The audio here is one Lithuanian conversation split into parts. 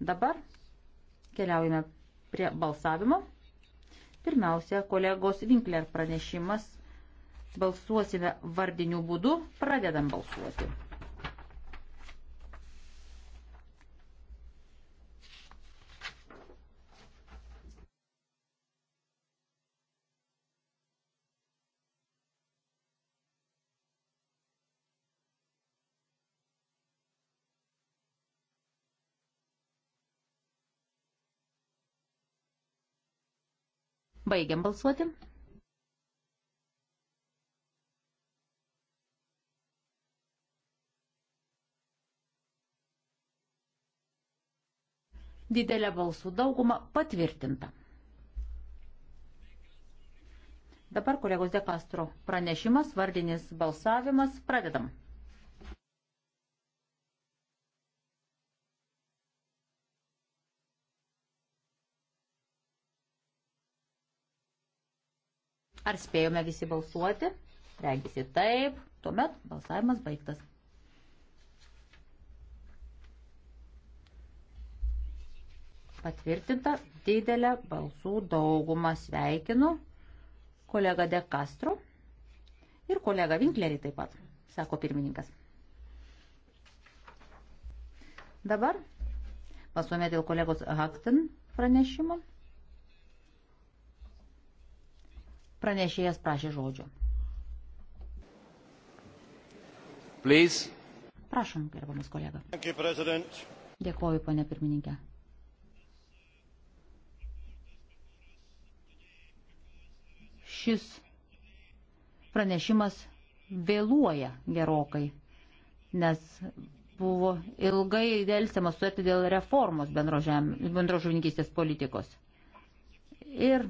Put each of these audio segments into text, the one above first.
Dabar keliaujame prie balsavimo. Pirmiausia, kolegos Winkler pranešimas. Balsuosime vardiniu būdu. Pradedam balsuoti. Baigiam balsuoti. Didelė balsų dauguma patvirtinta. Dabar kolegos De Castro pranešimas, vardinis balsavimas, pradedam. Ar spėjome visi balsuoti? Regisi taip. Tuomet balsavimas baigtas. Patvirtinta didelė balsų daugumą sveikinu kolega De Castro ir kolega Vinklerį taip pat, sako pirmininkas. Dabar pasuome dėl kolegos Hakten pranešimo. Pranešėjas prašė žodžio. Please. Prašom, gerbamas kolega. You, Dėkoju, ponė pirmininkė. Šis pranešimas vėluoja gerokai, nes buvo ilgai dėlsiama sutarti dėl reformos bendro, žem, bendro žuvininkystės politikos. Ir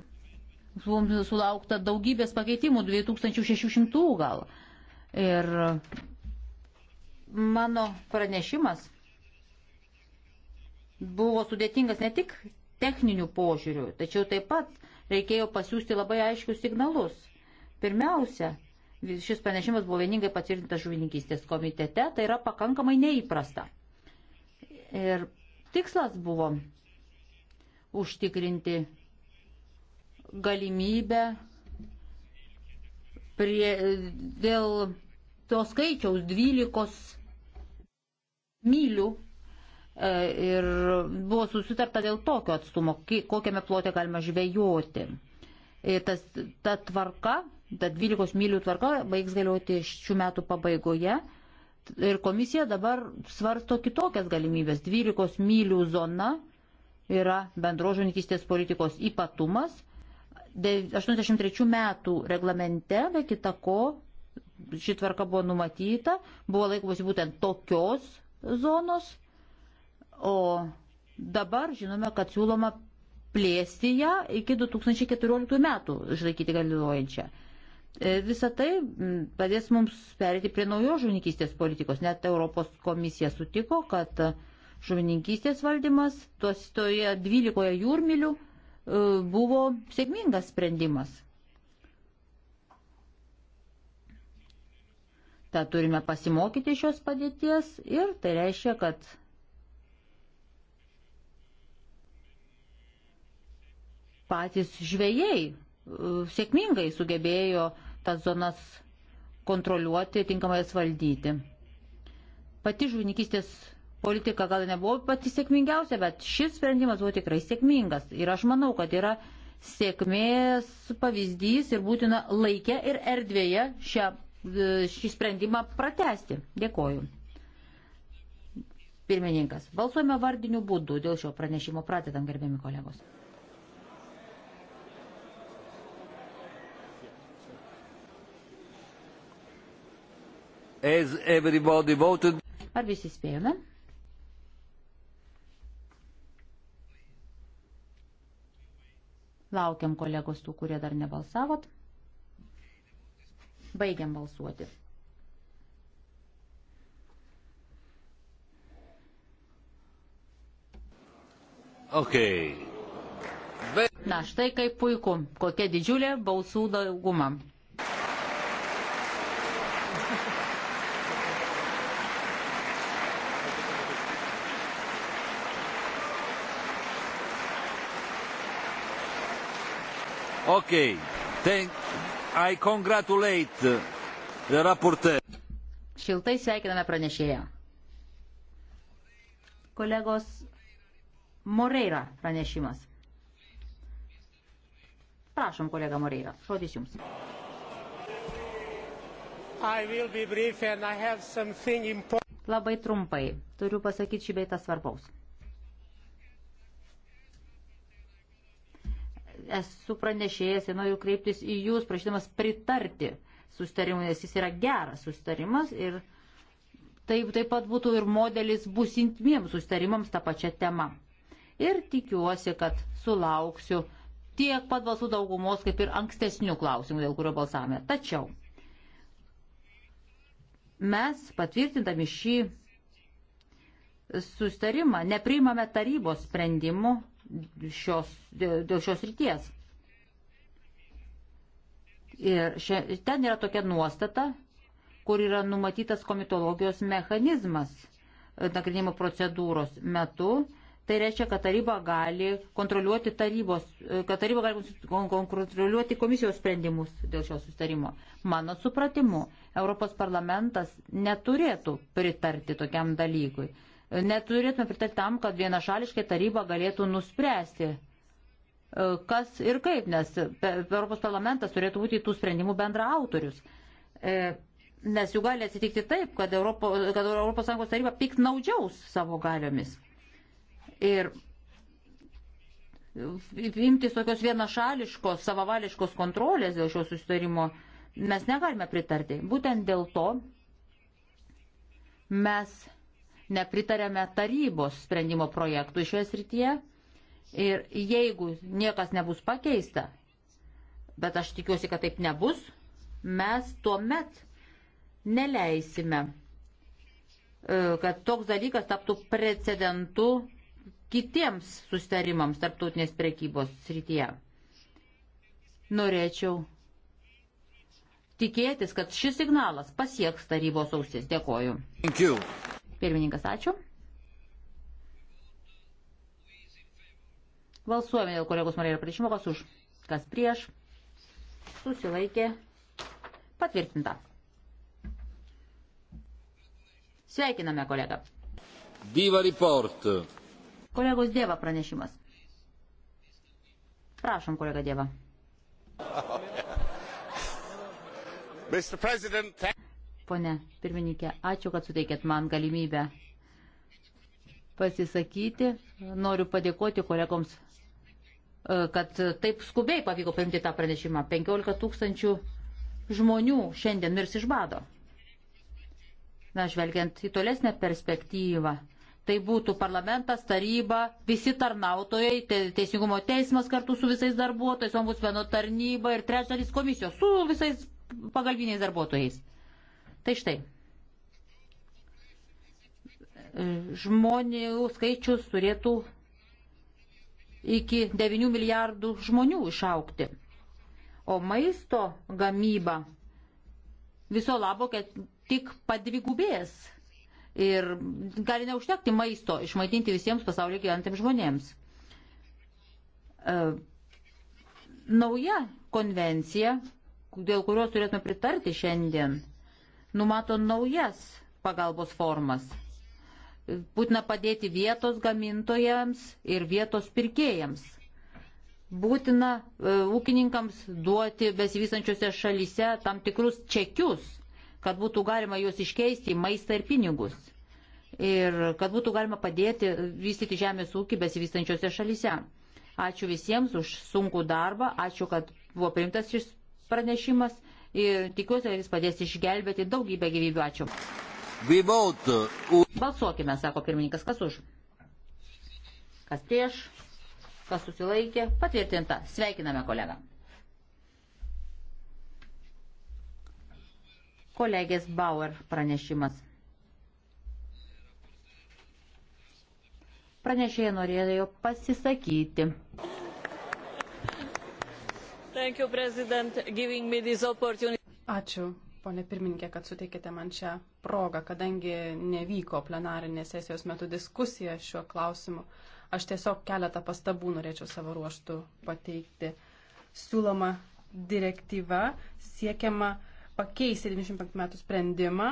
Mums sulaukta daugybės pakeitimų, 2600 gal. Ir mano pranešimas buvo sudėtingas ne tik techninių požiūrių, tačiau taip pat reikėjo pasiūsti labai aiškius signalus. Pirmiausia, šis pranešimas buvo vieningai patvirtintas žuvininkystės komitete, tai yra pakankamai neįprasta. Ir tikslas buvo užtikrinti galimybę prie, dėl to skaičiaus 12 mylių e, ir buvo susitarta dėl tokio atstumo, kokiame plote galima žvejoti. Ir e, tas, ta tvarka, ta 12 mylių tvarka baigs galioti šių metų pabaigoje. Ir komisija dabar svarsto kitokias galimybės. 12 mylių zona yra bendrožininkistės politikos ypatumas 83 metų reglamente, be kita ko, ši tvarka buvo numatyta, buvo laikomasi būtent tokios zonos, o dabar žinome, kad siūloma plėsti ją iki 2014 metų išlaikyti galiojančią. E, Visą tai padės mums perėti prie naujos žuvininkystės politikos. Net Europos komisija sutiko, kad žuvininkystės valdymas tos, toje 12 jūrmilių E, buvo sėkmingas sprendimas. Ta turime pasimokyti šios padėties ir tai reiškia, kad patys žvėjai e, sėkmingai sugebėjo tas zonas kontroliuoti, tinkamai jas valdyti. Pati žuvininkystės politika gal nebuvo pati sėkmingiausia, bet šis sprendimas buvo tikrai sėkmingas. Ir aš manau, kad yra sėkmės pavyzdys ir būtina laikę ir erdvėje šią, e, šį sprendimą pratesti. Dėkoju. Pirmininkas, balsuojame vardiniu būdu dėl šio pranešimo pratedam, gerbiami kolegos. As everybody voted. Ar visi spėjome? Laukiam kolegos tų, kurie dar nebalsavot. Baigiam balsuoti. Okay. Be... Na, štai kaip puiku, kokia didžiulė balsų dauguma. Okay. Thank. I congratulate the rapporteur. Šiltai sveikiname pranešėją. Kolegos Moreira pranešimas. Prašom, kolega Moreira, žodis jums. Labai trumpai turiu pasakyti šį beitą svarbaus. esu pranešėjęs ir noriu kreiptis į jūs, prašydamas pritarti sustarimui, nes jis yra geras sustarimas ir taip, taip pat būtų ir modelis būsintiems sustarimams tą pačią temą. Ir tikiuosi, kad sulauksiu tiek pat balsų daugumos, kaip ir ankstesnių klausimų, dėl kurio balsavome. Tačiau mes patvirtindami šį sustarimą nepriimame tarybos sprendimų šios, dėl šios ryties. Ir šia, ten yra tokia nuostata, kur yra numatytas komitologijos mechanizmas e, nagrinimo procedūros metu. Tai reiškia, kad taryba gali kontroliuoti tarybos, e, kad taryba gali kontroliuoti komisijos sprendimus dėl šio sustarimo. Mano supratimu, Europos parlamentas neturėtų pritarti tokiam dalykui. Neturėtume pritarti tam, kad vienašališkai taryba galėtų nuspręsti, e, kas ir kaip, nes Europos parlamentas turėtų būti tų sprendimų bendra autorius. E, nes jų gali atsitikti taip, kad, Europo, kad Europos Sąjungos taryba piknaudžiaus savo galiomis. Ir imtis tokios vienašališkos, savavališkos kontrolės dėl šio susitarimo mes negalime pritarti. Būtent dėl to mes nepritarėme tarybos sprendimo projektui šioje srityje. Ir jeigu niekas nebus pakeista, bet aš tikiuosi, kad taip nebus, mes tuomet neleisime, e, kad toks dalykas taptų precedentu kitiems sustarimams tarptautinės prekybos srityje. Norėčiau tikėtis, kad šis signalas pasieks tarybos ausis. Dėkoju. Pirmininkas, ačiū. Valsuojame dėl kolegos Marėjo pranešimo, kas už, kas prieš, susilaikė, patvirtinta. Sveikiname kolegą. Diva report. Kolegos Dieva pranešimas. Prašom, kolega Dieva. Mr. President, thank you. Pone pirmininkė, ačiū, kad suteikėt man galimybę pasisakyti. Noriu padėkoti kolegoms, e, kad taip skubiai pavyko paimti tą pranešimą. 15 tūkstančių žmonių šiandien mirs iš bado. Na, žvelgiant į tolesnę perspektyvą, tai būtų parlamentas, taryba, visi tarnautojai, te, teisingumo teismas kartu su visais darbuotojais, ombudsmeno tarnyba ir trečdalis komisijos su visais pagalbiniais darbuotojais. Tai štai. Žmonių skaičius turėtų iki 9 milijardų žmonių išaukti. O maisto gamyba viso labo, kad tik padvigubės. Ir gali neužtekti maisto išmaitinti visiems pasaulio gyventiems žmonėms. E, nauja konvencija, dėl kurios turėtume pritarti šiandien, numato naujas pagalbos formas. Būtina padėti vietos gamintojams ir vietos pirkėjams. Būtina e, ūkininkams duoti besivysančiose šalyse tam tikrus čekius, kad būtų galima juos iškeisti į maistą ir pinigus. Ir kad būtų galima padėti e, vystyti žemės ūkį besivystančiose šalyse. Ačiū visiems už sunkų darbą, ačiū, kad buvo priimtas šis pranešimas ir tikiuosi, kad jis padės išgelbėti daugybę gyvybių. Ačiū. Uh, Balsuokime, sako pirmininkas, kas už. Kas prieš, kas susilaikė, patvirtinta. Sveikiname kolegą. Kolegės Bauer pranešimas. Pranešėjai norėjo pasisakyti. You, Ačiū, ponė pirmininkė, kad suteikėte man šią progą, kadangi nevyko plenarinės sesijos metu diskusija šiuo klausimu. Aš tiesiog keletą pastabų norėčiau savo ruoštų pateikti. Siūloma direktyva siekiama pakeisti 95 metų sprendimą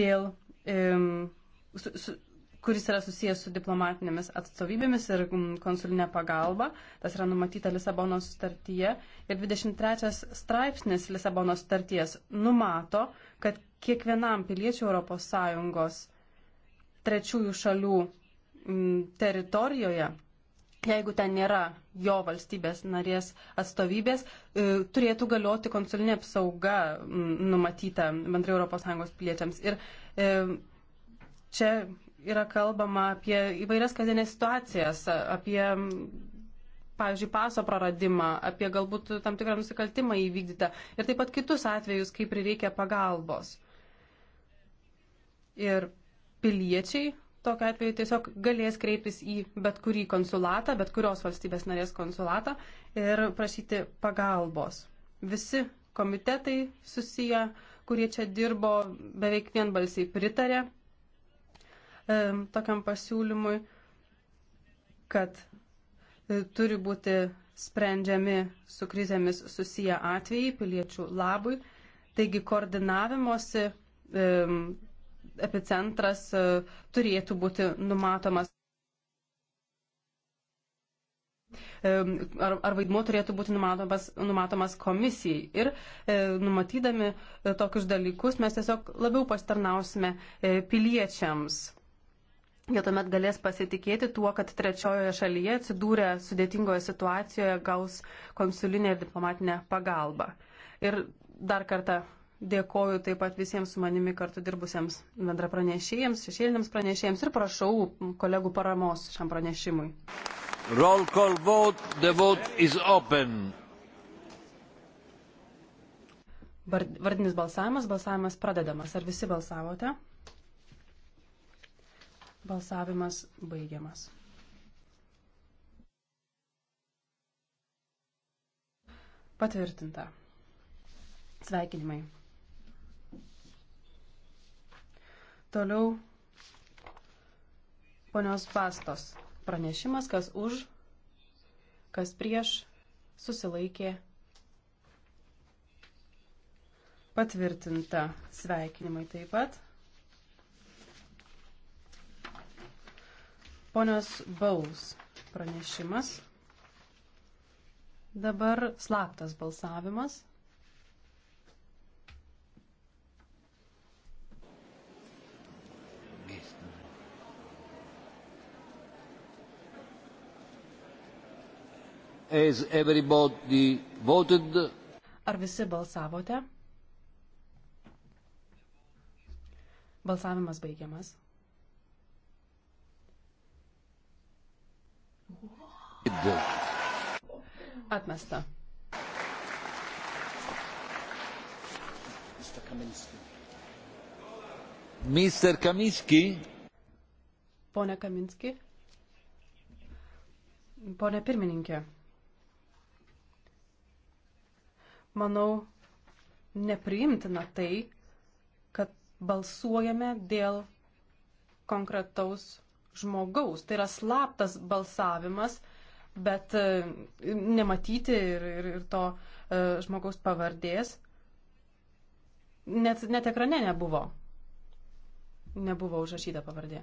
dėl um, su, su, kuris yra susijęs su diplomatinėmis atstovybėmis ir mm, konsulinė pagalba. Tas yra numatyta Lisabonos sutartyje. Ir 23 straipsnis Lisabonos sutarties numato, kad kiekvienam piliečių ES trečiųjų šalių mm, teritorijoje, jeigu ten nėra jo valstybės narės atstovybės, e, turėtų galioti konsulinė apsauga mm, numatyta bendrai ES piliečiams. Ir e, čia yra kalbama apie įvairias kasdienės situacijas, apie, pavyzdžiui, paso praradimą, apie galbūt tam tikrą nusikaltimą įvykdytą ir taip pat kitus atvejus, kai prireikia pagalbos. Ir piliečiai tokiu atveju tiesiog galės kreiptis į bet kurį konsulatą, bet kurios valstybės narės konsulatą ir prašyti pagalbos. Visi komitetai susiję, kurie čia dirbo, beveik vienbalsiai pritarė E, tokiam pasiūlymui, kad e, turi būti sprendžiami su krizėmis susiję atvejai piliečių labui. Taigi koordinavimosi e, epicentras turėtų būti numatomas. Ar, ar vaidmuo turėtų būti numatomas, numatomas komisijai. Ir e, numatydami e, tokius dalykus mes tiesiog labiau pasitarnausime e, piliečiams jie tuomet galės pasitikėti tuo, kad trečiojoje šalyje atsidūrę sudėtingoje situacijoje gaus konsulinę ir diplomatinę pagalbą. Ir dar kartą dėkoju taip pat visiems su manimi kartu dirbusiems bendrapranešėjams, šešėliniams pranešėjams ir prašau kolegų paramos šiam pranešimui. Roll call vote, the vote is open. Vardinis balsavimas, balsavimas pradedamas. Ar visi balsavote? Balsavimas baigiamas. Patvirtinta. Sveikinimai. Toliau ponios pastos pranešimas, kas už, kas prieš, susilaikė. Patvirtinta sveikinimai taip pat. Ponios Baus pranešimas. Dabar slaptas balsavimas. As everybody voted. Ar visi balsavote? Balsavimas baigiamas. Atmesta. Mr. Kaminski. Mr. Kaminski. Pone Kaminski. Pone pirmininkė. Manau, nepriimtina tai, kad balsuojame dėl konkretaus žmogaus. Tai yra slaptas balsavimas bet e, nematyti ir, ir, ir to e, žmogaus pavardės net, net ekrane nebuvo. Nebuvo užrašyta pavardė.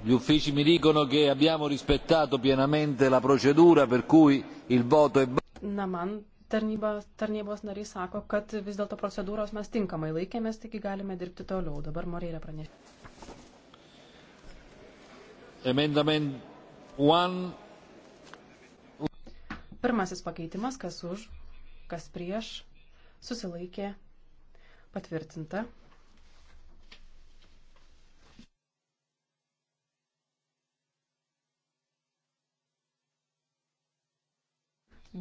gli uffici mi dicono che abbiamo rispettato pienamente la procedura per cui il voto è. Na man tarnybos, tarnybos nariai sako, kad vis dėlto procedūros mes tinkamai laikėmės, taigi galime dirbti toliau. Dabar Moreira pranešė. Amendment 1. Pirmasis pakeitimas, kas už, kas prieš, susilaikė, patvirtinta.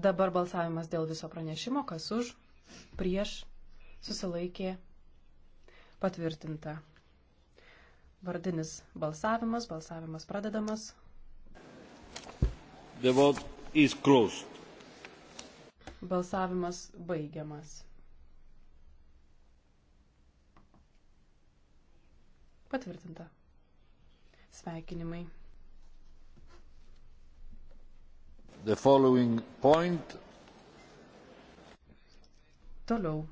Dabar balsavimas dėl viso pranešimo, kas už, prieš, susilaikė, patvirtinta. Vardinis balsavimas, balsavimas pradedamas. The vote is closed. Balsavimas baigiamas. Patvirtinta. Sveikinimai. the following point. Toliau.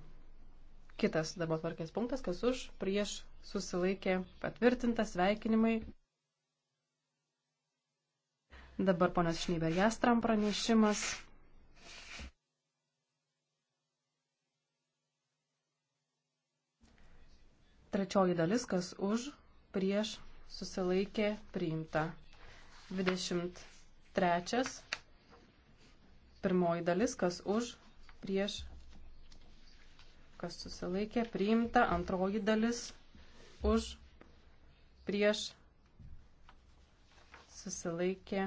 Kitas dabar tvarkės punktas, kas už, prieš, susilaikė, patvirtinta, sveikinimai. Dabar ponas Šnyber Jastram pranešimas. Trečioji dalis, kas už, prieš, susilaikė, priimta. 23. Pirmoji dalis, kas už, prieš, kas susilaikė, priimta. Antroji dalis, už, prieš, susilaikė,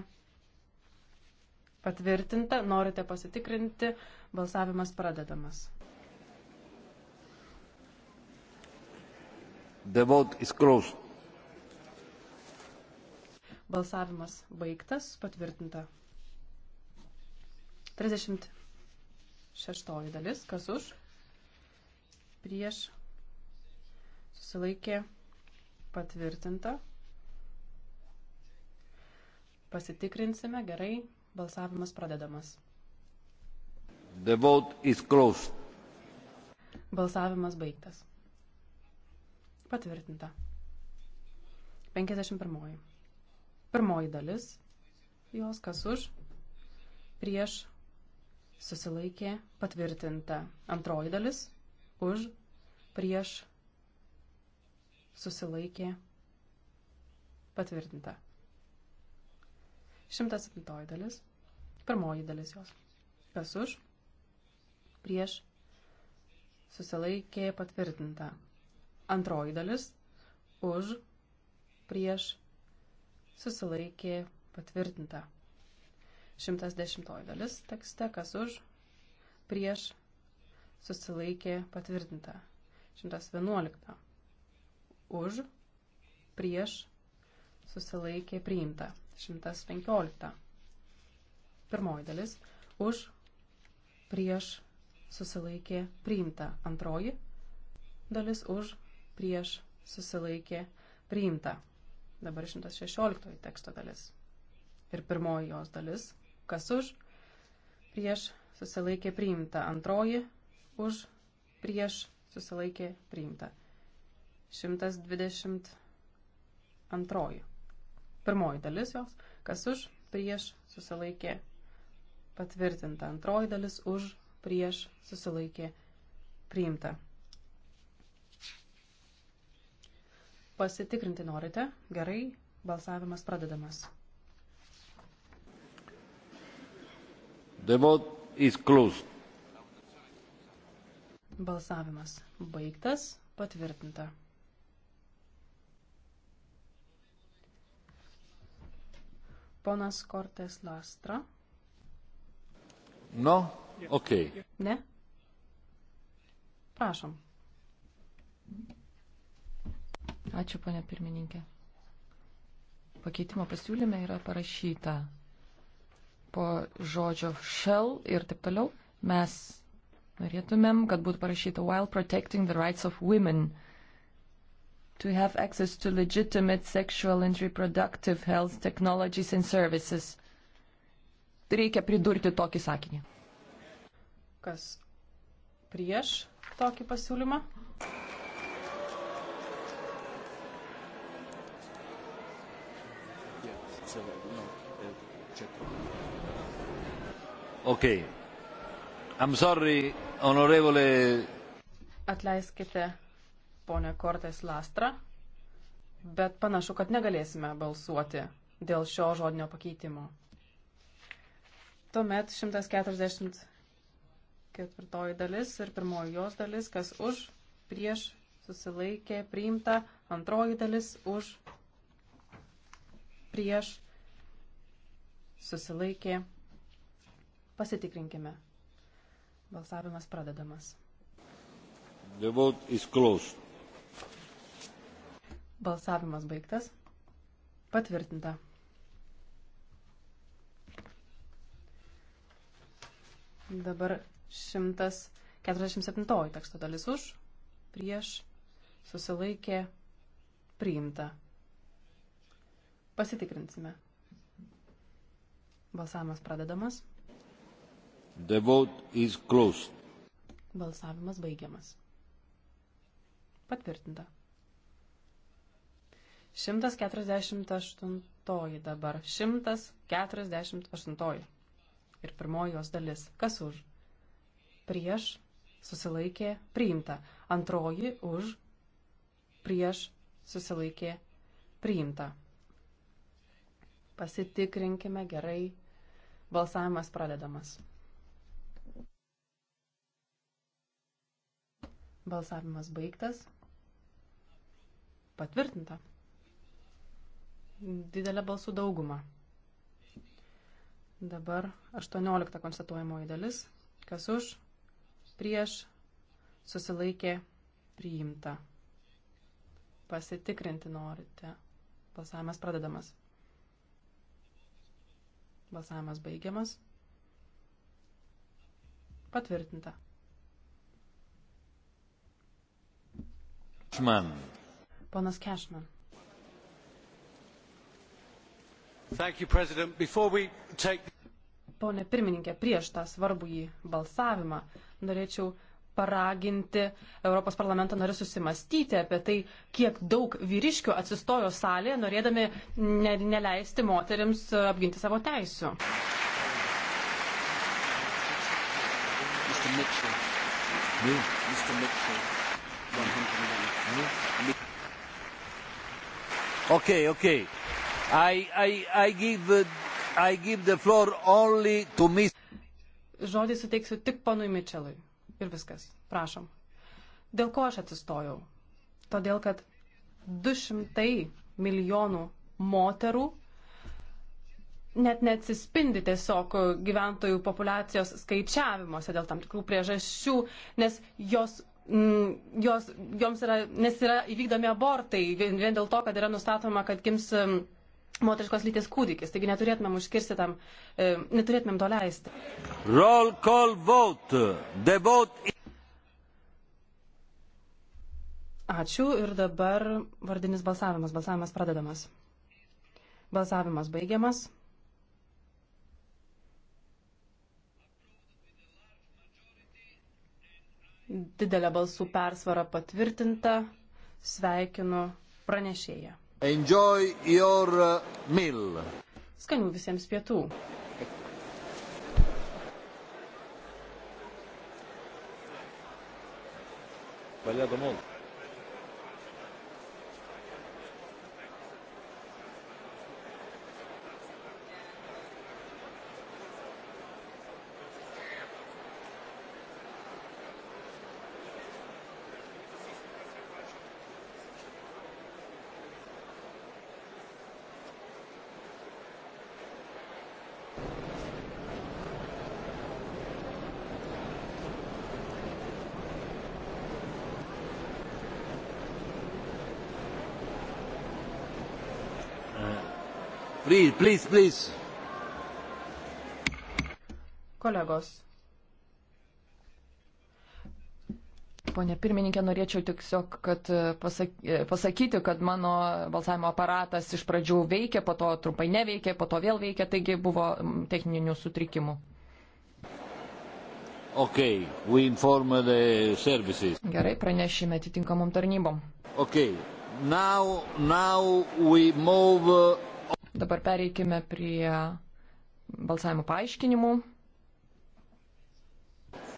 patvirtinta. Norite pasitikrinti, balsavimas pradedamas. The vote is closed. Balsavimas baigtas, patvirtinta. 36 dalis, kas už, prieš, susilaikė, patvirtinta. Pasitikrinsime, gerai, balsavimas pradedamas. The vote is closed. Balsavimas baigtas. Patvirtinta. 51. Pirmoji dalis. Jos kas už, prieš susilaikė patvirtinta. Antroji dalis už, prieš, susilaikė patvirtinta. 107 dalis, pirmoji dalis jos. Kas už, prieš, susilaikė patvirtinta. Antroji dalis už, prieš, susilaikė patvirtinta. 110 dalis tekste, kas už, prieš, susilaikė patvirtinta. 111. Už, prieš, susilaikė priimta. 115. Pirmoji dalis. Už, prieš, susilaikė priimta. Antroji dalis. Už, prieš, susilaikė priimta. Dabar 116 teksto dalis. Ir pirmoji jos dalis kas už, prieš susilaikė priimta. Antroji už, prieš susilaikė priimta. 122. Pirmoji dalis jos, kas už, prieš susilaikė patvirtinta. Antroji dalis už, prieš susilaikė priimta. Pasitikrinti norite? Gerai, balsavimas pradedamas. The vote is closed. Balsavimas baigtas, patvirtinta. Ponas Cortes Lastra. No? Ok. Ne? Prašom. Ačiū, ponė pirmininkė. Pakeitimo pasiūlyme yra parašyta po žodžio shell ir taip toliau mes norėtumėm, kad būtų parašyta while protecting the rights of women to have access to legitimate sexual and reproductive health technologies and services. Reikia pridurti tokį sakinį. Kas prieš tokį pasiūlymą? Yeah, so, no, uh, check. Okay. I'm sorry, honorevole. Atleiskite, ponė Kortes Lastra, bet panašu, kad negalėsime balsuoti dėl šio žodinio pakeitimo. Tuomet 144 dalis ir pirmoji jos dalis, kas už, prieš, susilaikė, priimta, antroji dalis už, prieš, susilaikė, Pasitikrinkime. Balsavimas pradedamas. The vote is closed. Balsavimas baigtas. Patvirtinta. Dabar 147 teksto dalis už, prieš, susilaikė, priimta. Pasitikrinsime. Balsavimas pradedamas. The vote is closed. Balsavimas baigiamas. Patvirtinta. 148 dabar. 148. Ir pirmoji jos dalis. Kas už? Prieš. Susilaikė. Priimta. Antroji už. Prieš. Susilaikė. Priimta. Pasitikrinkime gerai. Balsavimas pradedamas. Balsavimas baigtas. Patvirtinta. Didelė balsų dauguma. Dabar 18 konstatuojamoji dalis. Kas už, prieš, susilaikė, priimta. Pasitikrinti norite. Balsavimas pradedamas. Balsavimas baigiamas. Patvirtinta. Cashman. Ponas Cashman. You, take... Pone pirmininkė, prieš tą svarbų į balsavimą norėčiau paraginti Europos parlamento narius susimastyti apie tai, kiek daug vyriškių atsistojo salėje, norėdami ne, neleisti moteriams apginti savo teisų. Mr. Mitchell. Mr. Mitchell. 101. Okay, okay. I, I, I give, uh, I give the floor only to Miss. Žodį suteiksiu tik ponui Mitchellui. Ir viskas. Prašom. Dėl ko aš atsistojau? Todėl, kad 200 milijonų moterų net neatsispindi tiesiog gyventojų populacijos skaičiavimuose dėl tam tikrų priežasčių, nes jos Mm, jos, joms yra, nes yra įvykdomi abortai vien, vien dėl to, kad yra nustatoma, kad gims moteriškos lyties kūdikis. Taigi neturėtumėm užkirsti tam, e, neturėtumėm to leisti. Roll call vote. The vote. Ačiū ir dabar vardinis balsavimas. Balsavimas pradedamas. Balsavimas baigiamas. didelė balsų persvara patvirtinta. Sveikinu pranešėją. Enjoy your uh, meal. Skanių visiems pietų. Valia do mundo. Please, please, please. Kolegos. Pone pirmininkė, norėčiau tiesiog kad e, e, pasakyti, kad mano balsavimo aparatas iš pradžių veikė, po to trumpai neveikė, po to vėl veikė, taigi buvo techninių sutrikimų. Okay, Gerai, pranešime atitinkamom tarnybom. Okay. Now, now we move Dabar pereikime prie balsavimo paaiškinimų.